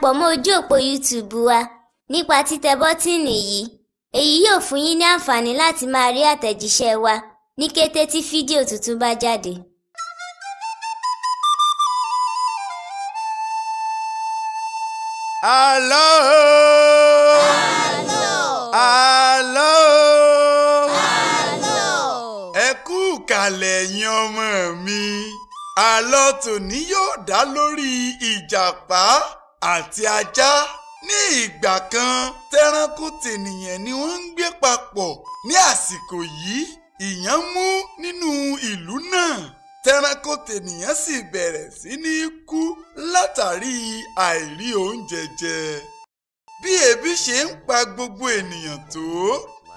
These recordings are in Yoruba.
darapọ̀ mọ́ ojú òpó YouTube wa nípa títẹ bọ́tíìnì yìí èyí yóò fún yín ní àǹfààní láti máa rí àtẹ̀jíṣẹ́ wa ní kété tí fídíò tuntun bá jáde. Àlọ́ àlọ́ àlọ́ ẹ kú kalẹ̀ yín ọmọ mi àlọ́ tòní yóò dá lórí ìjàpá àti ajá ní ìgbà kan tẹranko tènìyàn ni wọ́n ń gbé papọ̀ ní àsìkò yìí ìyàn mú nínú ìlú náà tẹranko tènìyàn sì bẹ̀rẹ̀ sí ní kú látàrí àìrí oúnjẹ jẹ bí ebi ṣe ń pa gbogbo ènìyàn tó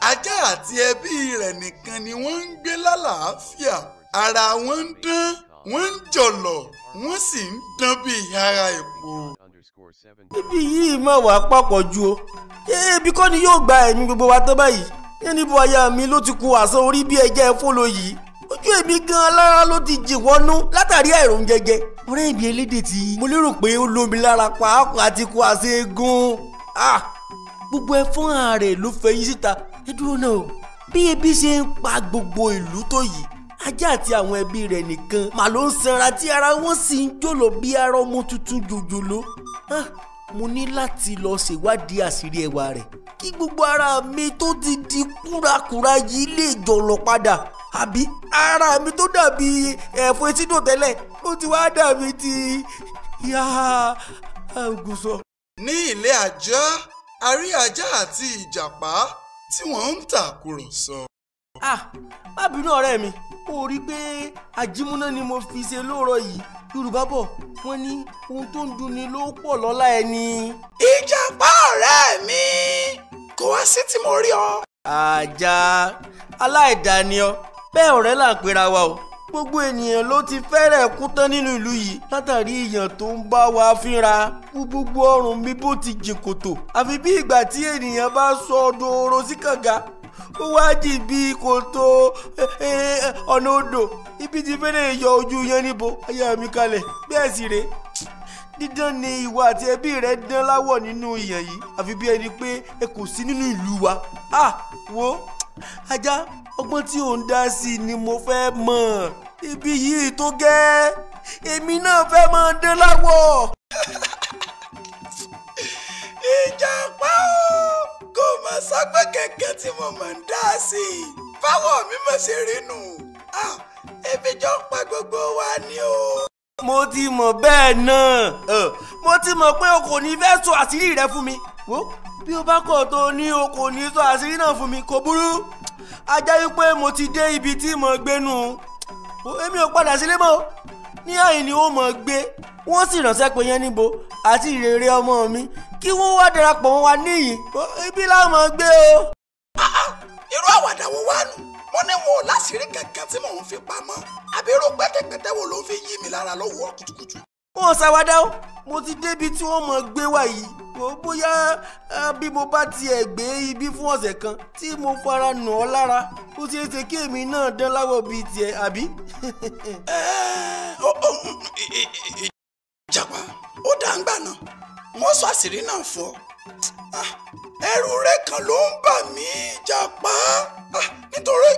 ajá àti ẹbí rẹ̀ nìkan ni wọ́n ń gbé lálàáfíà ara wọn ń dán wọ́n ń jọ̀lọ̀ wọ́n sì ń dán bíi ara èpo ibi yìí má wàá papọ̀ ju o ebi kọ́ ni yóò gba ẹ̀mí gbogbo wa tán báyìí yẹn níbo aya mi ló ti ku àsan orí bí ẹja ẹ fólo yìí ojú èmi gan lára ló ti jì wọnú látàrí àìrùn jẹjẹ ọ̀rẹ́ mi elédè tí mo lérò pé ó lómi lára pàápàá ti ku àṣẹ egun ah gbogbo ẹfọn ààrẹ ló fẹyín síta ẹ dúró náà bí ebi ṣe ń pa gbogbo ìlú tó yìí ajá àti àwọn ẹbí rẹ̀ nìkan mà ló ń sanra tí ara wọn sì ń jòlò bí ara ọmọ tuntun jòjòló ah, mo ní láti lọ ṣèwádìí àṣírí ẹwà rẹ̀ kí gbogbo ara mi tó ti di kúrakúra yìí lè jọ̀lọ̀ padà àbí ara mi tó dàbí ẹ̀fọ́ etídò tẹ́lẹ̀ ó ti wá dàbí ti ìyá àgùsọ. ní ilé ajá a ajá àti ìjàpá tí wọ́n ń tàkùrọ̀sọ. ah má bínú ọ̀rẹ́ mi ó rí i pé àjímúná ni mo fi ṣe lóòrọ̀ yìí yorùbá bọ̀ wọ́n ní ohun tó ń dunni ló pọ̀ lọ́lá ẹni. ìjàpá ọ̀rẹ́ mi kò wá sí tí mo rí ọ. àjà aláìdáni ọ bẹ́ẹ̀ ọ̀rẹ́ là ń pera wa o gbogbo ènìyàn ló ti fẹ́rẹ̀ kú tán nínú ìlú yìí látàrí ìyàn tó ń bá wa fínra gbogbo ọrùn mi bó ti jìn kòtò àfi bí ìgbà tí ènìyàn bá sọ ọdún oró sí kànga ó wá jì bí kòtò ọ̀nà odò ibi tí fẹ́rẹ̀ yọ ojú yẹn níbo ayé mi kalẹ̀ bẹ́ẹ̀ sì rèé dídán ni ìwà àti ẹbí rẹ dán láwọ̀ nínú ìyàn yìí àfi bí ẹni pé ẹ kò sí nínú ìlú wa ah wo ajá ọgbọ́n tí ò ń dá sí ni mo fẹ́ mọ̀ ibi yìí tó gẹ́ èmi náà fẹ́ máa dán láwọ̀. sọ pé kẹ̀kẹ́ tí mo mọ̀ ń dá sí i báwo mi mọ̀ ṣe rí nù ebi jọ ń pa gbogbo wa ni o. mo ti mọ̀ bẹ́ẹ̀ náà mo ti mọ̀ pé o kò ní fẹ́ sọ àṣírí rẹ fún mi wo bí o bá kọ̀ tó ní o kò ní sọ àṣírí náà fún mi kò burú ajá wípé mo ti dé ibi tí mo gbénu èmi ò padà sílé mọ́ ní àyìn ni ó mọ̀ gbé wọ́n sì ránṣẹ́ pé yẹn níbo àti ìrere ọmọ mi kí wọ́n wá darapọ̀ wọn wá níyì ibi láwọn máa gbé o. Ah, irú àwàdà wo wá nù mo ní wọn ò láṣìírí kankan tí mò ń fi pamọ́ àbẹ̀rù pẹ́tẹ́pẹ́tẹ́ wo ló ń fi yí mi lára lọ́wọ́ kùtùkùtù. wọn ò ṣàwádà o mo ti débi tí wọ́n máa gbé wá yìí bóyá bí mo bá tiẹ̀ gbé ibi fún ọ̀sẹ̀ kan tí mo fara nù ọ́ lára ó ṣeé ṣe kí èmi náà dán láwọ̀ bíi tiẹ̀ àbí. ìjàpá ó dá ń gbà ná wọ́n sọ àṣírí náà fún ọ. Ah, ẹrù rẹ kan ló ń bà mí jàpá ah, nítorí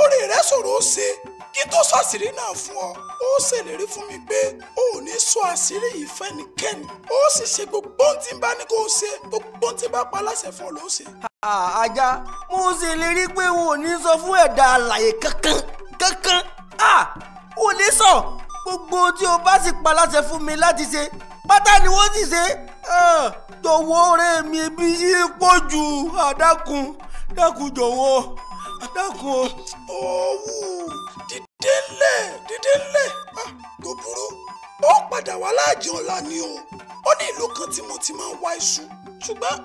orí rẹ sọ̀rọ̀ ó ṣe kí tó sọ àṣírí náà fún ọ ó ṣèlérí fún mi pé ó ò ní sọ àṣírí yìí fẹ́nikẹ́ni ó sì ṣe gbogbo ohun tí ń bá ní kó o ṣe gbogbo ohun tí ń bá pa láṣẹ fún ọ ló ṣe. àjà mo ṣèlérí pé n ò ní sọ fún ẹ̀dá alàyè kankan kankan ah, ò ní sọ gbogbo tí o bá sì pa láṣẹ fún mi láti ṣe pátá ni wọ́n ti ṣe jọ̀wọ́ ọ̀rẹ́ mi bí ipò ju àdákun dákun jọ̀wọ́ àdákun owó dídé ńlẹ̀ dídé ńlẹ̀ tó burú ó padà wá láàjì ọ̀la ni o ó ní ìlú kan tí mo ti máa ń wá iṣu ṣùgbọ́n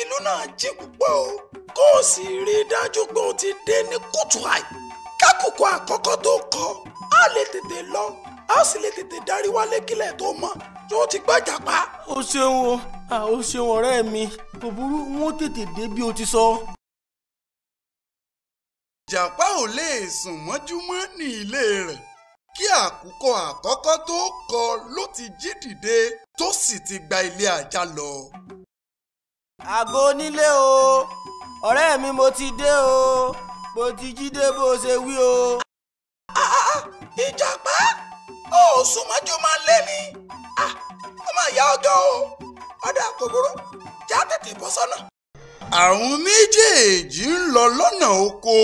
ìlú náà jí púpọ̀ o kó o sì rí i dájú pé o ti dé ní kùtù àì kákòókò àkọ́kọ́ tó kọ á lè tètè lọ a ó sì lè tètè darí wálé kílẹ̀ tó mọ́ tí ó ti gbọ́jà pa. o ṣeun o o ṣeun ọ̀rẹ́ mi kò burú wọn tètè dé bí o ti sọ. jàpá ò lè sùn mọ́júmọ́ ní ilé rẹ̀ kí àkùkọ àkọ́kọ́ tó kọ ló ti jí dìde tó sì ti gba ilé ajá lọ. àgọ́ onílé o ọ̀rẹ́ mi mo ti dé o mo ti jí dé bó ṣe wí o. Ah, ah, ah, ìjàpá ó sùn mọ́jú máa ń lé mi ah, ó máa yá ọjọ́ o ọ̀dà kòkòrò já tètè bọ́ sọ́nà. àwọn méjèèjì ń lọ lọ́nà oko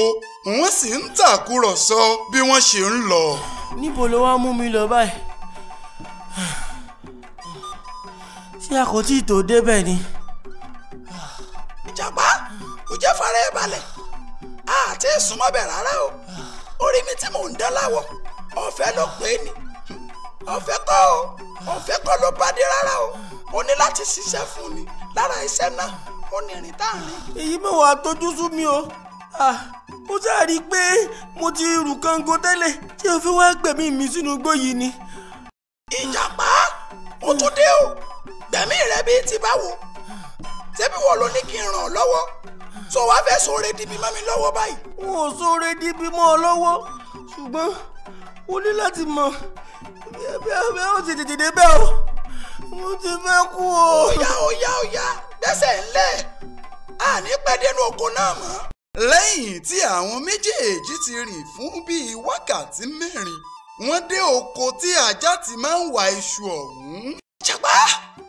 wọ́n sì ń tàkúrọ̀sọ bí wọ́n ṣe ń lọ. níbo ló wá mú mi lọ báyìí ṣé a kò tí ì tó débẹ̀ ni. ìjàpá kò jẹ́ fara ẹ balẹ̀ àti ìsúnmọ́bẹ̀ rárá o orí mi tí mò ń dán láwọ̀ ọ̀fẹ́ ló pé ni ọ̀fẹ́ kọ́ o ọ̀fẹ́ kọ́ ló bá dé rárá o o ní láti ṣiṣẹ́ fún ni lára iṣẹ́ náà ó ní ìrìn tá à ń rìn. èyí mẹ́wàá tójú sú mi o mo sáà rí i pé mo ti rù kángo tẹ́lẹ̀ tí o fi wá gbẹ̀mí mi sínú igbó yìí ni. ìjàpá ó tún dé o gbẹ̀mí rẹ bíi ti báwo ṣebí wọ́n ló ní kí n ràn ọ́ lọ́wọ́ sọ wá fẹ́ sóore dìbì mọ́ mi lọ́wọ́ báyìí. n ò sóore dìbì mọ́ ọ lọ́wọ́ ṣùgbọ́n o ní láti mọ bẹ́ẹ̀ ó ti tètè dé o mo ti fẹ́ kú o. óyá óyá óyá gbẹ́sẹ̀ ńlẹ̀ àní pẹ́ dénú oko náà mọ́. lẹ́yìn tí àwọn méjèèjì ti rìn fún bíi wákàtí mẹ́rin wọ́n dé oko tí ajá ti máa ń wa iṣu ọ̀hún. jàpá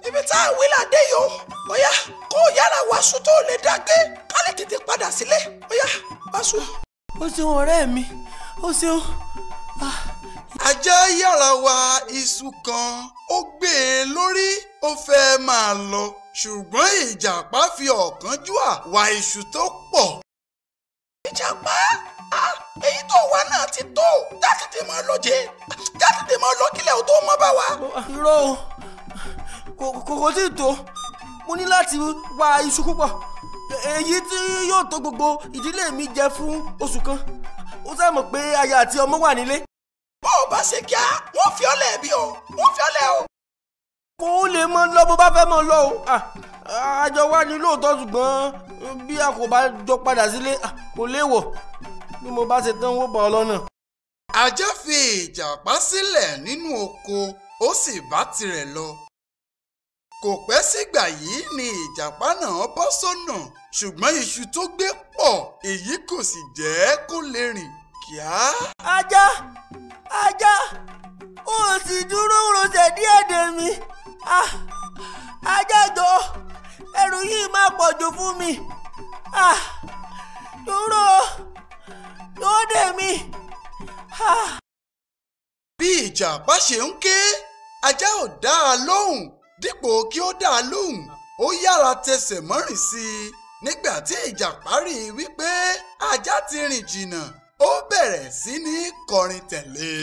ibi tá a wí ládé yìí o óyá kó o yára wàásù tó lè dá gbé ká lè tètè padà sílé óyá wàásù. o ṣeun ọ̀rẹ́ mi o ṣeun. Ah ajá yàrá wa iṣu kan ó gbé e lórí ó fẹ́ máa lọ ṣùgbọ́n ìjàpá fi ọ̀kánjúwà wa iṣu tó pọ̀. ìjàpá èyí tó wà náà ti tó jákèjì mọ́ lóje jákèjì mọ́ lọ́kílẹ̀ ò tó mọ́ bá wa. irọ́ o kò tí ì tó mo ní láti wá iṣu púpọ̀ èyí tí yóò tó gbogbo ìdílé mi jẹ fún oṣù kan ó sàmọ̀ pé aya àti ọmọ wà nílé bó o bá ṣe kíá wọ́n fi ọ́ lẹ̀ bí o wọ́n fi ọ́ o. kó o lè mọ lọ bó bá fẹ́ mọ lọ o àjọ wa ni lóòótọ́ ṣùgbọ́n bí a kò bá jọ padà sílé kò léèwọ̀ bí mo bá ṣe tán wó bá ọ lọ́nà. ajá fi ìjàpá sílẹ̀ nínú oko ó sì bá tirẹ̀ lọ kò pẹ́ sígbà yìí ni ìjàpá náà bọ́ sọ́nà ṣùgbọ́n iṣu tó gbé pọ̀ èyí kò sì jẹ́ kó lè rìn kíá. ajá ajá ó sì dúró rọṣẹ̀ díẹ̀ dè mí ah, ajá jọ ẹrù yìí máa pọ̀ jù fún mi ah, dúró dúró dè mí. Ah. bí ìjàpá ṣe ń ké ajá ò dá a lóhùn dípò kí ó dá a lóhùn ó yára tẹsẹ̀ mọ́rìn sí i nígbà tí ìjàpá rí i wípé ajá ti rìn jìnnà ó bẹ̀rẹ̀ sí ní kọrin tẹ̀lé.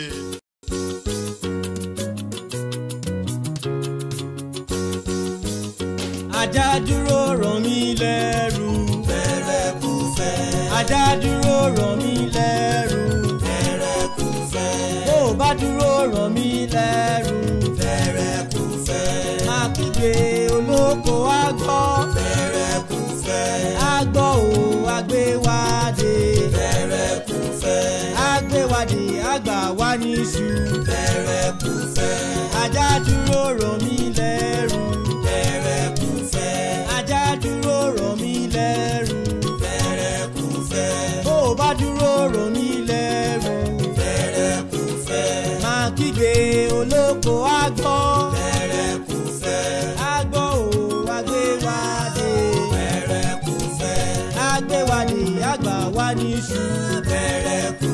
ajá dúró ràn mí lẹ́rù. fẹ́rẹ́kúfẹ́. ajá dúró ràn mí lẹ́rù. fẹ́rẹ́kúfẹ́. bó o bá dúró ràn mí lẹ́rù. fẹ́rẹ́kúfẹ́. má kígbe olóòrùn. wá níṣu. fẹ́rẹ́kúfẹ́. ajá dúró rọ̀ mí lẹ́rù. fẹ́rẹ́kúfẹ́. ajá dúró rọ̀ mí lẹ́rù. fẹ́rẹ́kúfẹ́. bó o bá dúró rọ̀ mí lẹ́rù. fẹ́rẹ́kúfẹ́. máa kígbe olóko àgbọ̀. fẹ́rẹ́kúfẹ́. àgbọ̀ o àgbẹ̀ wá dé. fẹ́rẹ́kúfẹ́. àgbẹ̀ wá ní àgbà wá níṣu. fẹ́rẹ́kúfẹ́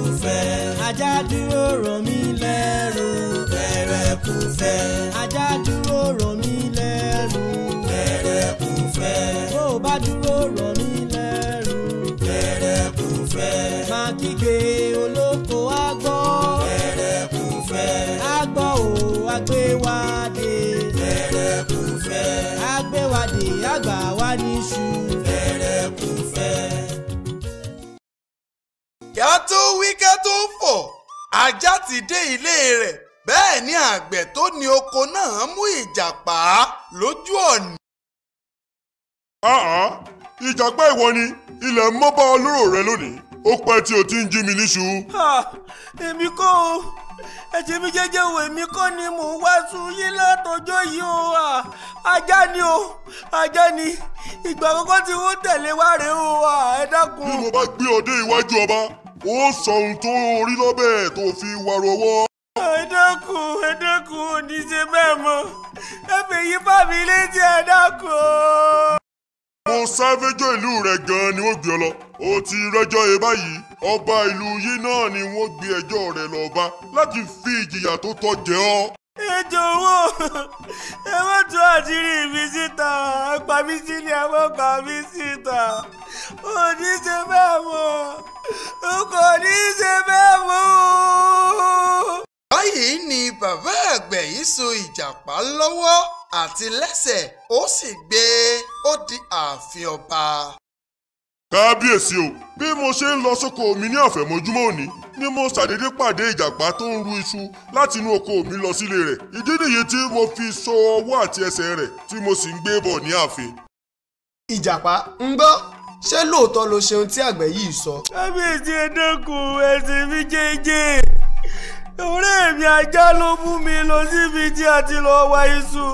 ajá dúró rò mí lẹ́rù pẹ̀rẹ̀kúfẹ̀. ajá dúró rò mí lẹ́rù pẹ̀rẹ̀kúfẹ̀. bó o bá dúró rò mí lẹ́rù pẹ̀rẹ̀kúfẹ̀. máa kígbe olóko á gbọ́ pẹ̀rẹ̀kúfẹ̀. á gbọ́ o á gbé wá dé pẹ̀rẹ̀kúfẹ̀. á gbé wá dé á gbà wá ìyá tó wíkẹ́ tó fọ̀ ajá ti dé ilé rẹ̀ bẹ́ẹ̀ ni àgbẹ̀ tó ní oko náà mú ìjàpá lójú ọ̀nà. àá ìjàpá ìwọ ni ilẹ̀ mọ́ bá olóró rẹ lónìí ó pẹ́ tí o ti ń jí mi níṣu. èmi kọ́ o ẹ̀jẹ̀ mi jẹ́jẹ́ wo èmi kọ́ ni mò ń wá sun yín látọjọ́ yìí o ajá ni o ajá ni ìgbà àkọ́kọ́ tí wọ́n tẹ̀lé wa rèé o ẹ dákun. bí mo bá gbé ọdẹ iwájú ọba ó sọ ohun tó rí lọ́bẹ̀ tó fi wàrọ̀ wọ́. ẹ dákun ẹ dákun ò ní ṣe bẹ́ẹ̀ mọ́ ẹ fèyí bá mi létí ẹ dákun. mo sáfẹ́jọ́ ìlú rẹ̀ gan-an ni wọ́n gbé ọ lọ ó ti rẹ́jọ́ e báyìí ọba ìlú yìí náà ni wọ́n gbé ẹjọ́ rẹ̀ lọ́ọ́ láti fi ìjìyà tó tọ́ jẹ ọ́ ẹ jọ̀wọ́ ẹ má tú àṣírí mi síta pa mí sílé ẹ má pa mí síta ò ní ṣe bẹ́ẹ̀ mọ́ o kò ní ṣe bẹ́ẹ̀ mọ́ o. báyìí ni bàbá àgbẹ̀ yìí so ìjàpá lọ́wọ́ àti lẹ́sẹ̀ ó sì gbé e, ó di ààfin ọba kábíyèsí o bí mo ṣe ń lọ sóko mi ní àfẹ̀mọ́júmọ́ òní ni mo ṣàdédé pàdé ìjàpá tó ń ru iṣu láti inú oko mi lọ sílé rẹ̀ ìdí nìyí tí mo fi so ọwọ́ àti ẹsẹ̀ rẹ̀ tí mo sì ń gbé bọ̀ ní ààfin. ìjàpá ń gbọ́ ṣé lóòótọ́ ló ṣeun tí àgbẹ̀ yìí sọ. kábíyèsí ẹ ẹ̀sìn mi jẹ́jẹ́ ọ̀rẹ́ mi ajá ló mú mi lọ síbi tí a ti lọ wá iṣu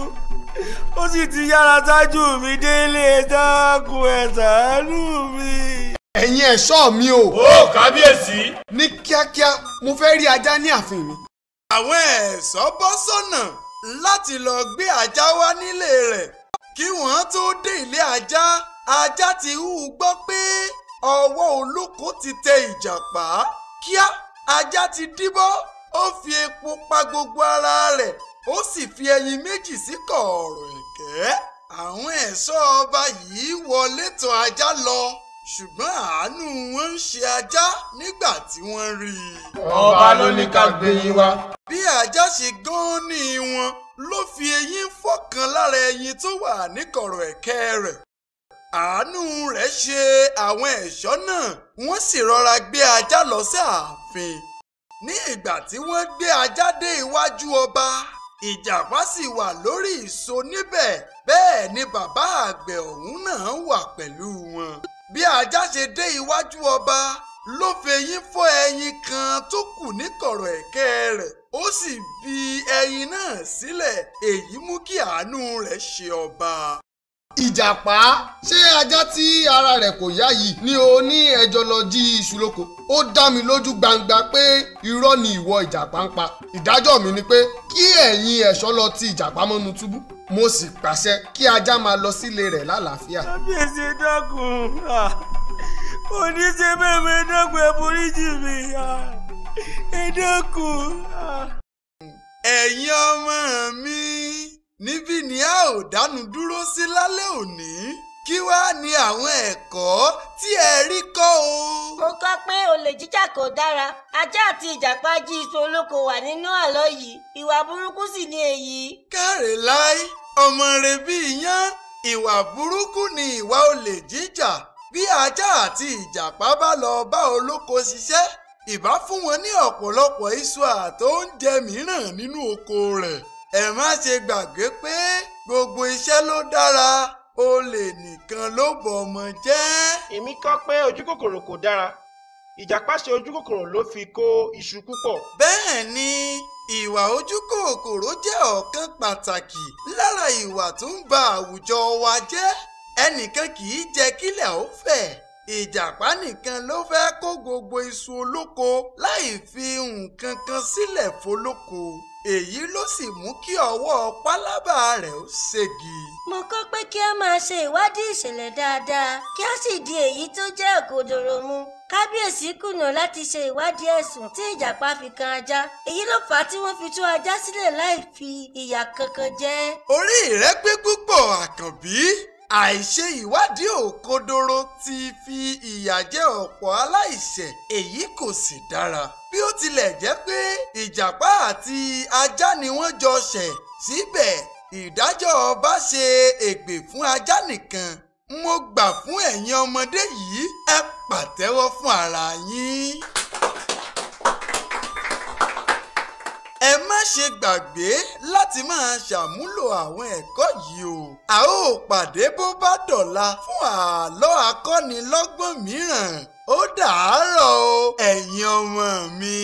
ó sì ti yára ṣáájú mi délé ẹ̀dákun ẹ̀sánú mi. ẹ̀yin ẹ̀ṣọ́ mi o. ó kábíyèsí. ní kíákíá mo fẹ́ rí ajá ní ààfin mi. àwọn ẹ̀ṣọ́ bọ́ sọ́nà láti lọ gbé ajá wá nílé rẹ̀ kí wọ́n tó dé ilé ajá ajá ti hù gbọ́ pé ọwọ́ olóko ti tẹ ìjàpá kíá ajá ti díbọ́ ó fi epo pa gbogbo ara rẹ̀ ó sì fi ẹyin méjì sí kọ̀ọ̀rọ̀ ẹ̀kẹ́ àwọn ẹ̀ṣọ́ ọba yìí wọlé tọ̀ ajá lọ ṣùgbọ́n àánú wọn ń ṣe ajá nígbà tí wọ́n rí i. ọba ló ní ká gbé yín wá. bí ajá ṣe gan-an wọn ló fi eyín fọ́kan lára ẹyin tó wà níkọ̀rọ̀ ẹ̀kẹ́ rẹ̀ àánú rẹ̀ ṣe àwọn ẹ̀ṣọ́ náà wọ́n sì rọra gbé ajá lọ sí ààfin ní ìgbà tí wọ́n gbé ajá dé iwájú ọba ìjàpá sì wà lórí ìso níbẹ̀ bẹ́ẹ̀ ni bàbá àgbẹ̀ ọ̀hún náà wà pẹ̀lú wọn. bí ajá ṣe dé iwájú ọba ló fẹyín fọ́ ẹyin kan tó kù ní kọ̀rọ̀ ẹ̀kẹ́ rẹ̀ ó sì bi ẹyin náà sílẹ̀ èyí mú kí àánú rẹ̀ ṣe ọba ìjàpá ṣé ajá tí ara rẹ̀ kò yá yìí ni o ní ẹjọ́ lọ jí iṣu lóko ó dá mi lójú gbangba pé irọ́ ni ìwọ ìjàpá ń pa ìdájọ́ mi ni pé kí ẹ̀yin ẹ̀ṣọ́ lọ ti ìjàpá mọ́nu túbú mo sì pàṣẹ kí ajá máa lọ sílé rẹ̀ lálàáfíà. kábíyèsí dákun oníṣẹ́ mẹ́mẹ́ dákun ẹ̀ foríjì mi ẹ̀ dákun. ẹ̀yin ọmọ mi níbí ni a ò dánu dúró sí lálẹ́ òní kí wàá ní àwọn ẹ̀kọ́ tí ẹ rí kọ́ o. mo kọ́ pé olè jíjà kò dára ajá àti ìjàpá jí iṣu olóko wà nínú àlọ́ yìí ìwà burúkú sì ni èyí. káre láì ọmọ rẹ bí iyán ìwà burúkú ni ìwà olè jíjà bí ajá àti ìjàpá bá lọ bá olóko ṣiṣẹ́ ìbá fún wọn ní ọ̀pọ̀lọpọ̀ iṣu àti oúnjẹ mìíràn nínú oko rẹ̀ ẹ má ṣe gbàgbé pé gbogbo iṣẹ́ ló dára olè nìkan ló bọ̀ ọmọ jẹ́. èmi kọ́ pé ojú kòkòrò kò dára ìjàpá ṣe ojú kòkòrò ló fi kó iṣu púpọ̀. bẹ́ẹ̀ ni ìwà ojú kòkòrò jẹ́ ọ̀kan pàtàkì lára ìwà tó ń ba àwùjọ wa jẹ́ ẹnìkan kì í jẹ́ kílẹ̀ ó fẹ̀ ìjàpá nìkan ló fẹ́ kó gbogbo iṣu olóko láì fi nǹkan kan sílẹ̀ fólóko èyí ló sì mú kí ọwọ́ pálábà rẹ̀ ó ségi. mo kọ́ pé kí a máa ṣe ìwádìí ìṣẹ̀lẹ̀ dáadáa kí a sì di èyí tó jẹ́ òkodoro mú kábíyèsí kùnà láti ṣe ìwádìí ẹ̀sùn tí ìjàpá fi kan ajá èyí ló fà á tí wọ́n fi tú ajá sílẹ̀ láì fi ìyà kankan jẹ. orí rẹ̀ púpọ̀ àkànbí àìṣe ìwádìí òkodoro ti fi ìyà jẹ ọ̀pọ̀ aláìṣẹ̀ èyí kò sì dára bí ó tilẹ̀ jẹ́ pé ìjàpá àti ajá ni wọ́n jọ ṣẹ̀ síbẹ̀ ìdájọ́ ọba ṣe ègbè fún ajá nìkan mo gbà fún ẹ̀yin ọmọdé yìí ẹ pàtẹ́wọ́ fún ara yín. ṣe gbàgbé láti máa ṣàmúlò àwọn ẹ̀kọ́ yìí o. a ó pàdé bó bá dọ̀la fún àlọ́ akọ́nilọ́gbọ́n mìíràn ó dàárọ̀ o ẹ̀yin ọmọ mi.